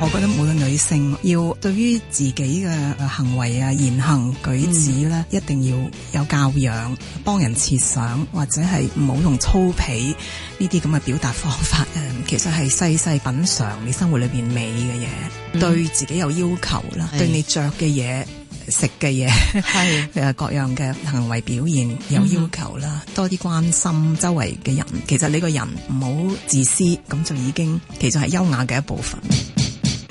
我覺得無論女性要對於自己嘅行為啊、言行舉止咧、嗯，一定要有教養，幫人設想，或者係唔好用粗鄙呢啲咁嘅表達方法。誒，其實係細細品嘗你生活裏邊美嘅嘢、嗯，對自己有要求啦，對你着嘅嘢、食嘅嘢，係誒 各樣嘅行為表現有要求啦、嗯，多啲關心周圍嘅人。其實你個人唔好自私，咁就已經其實係優雅嘅一部分。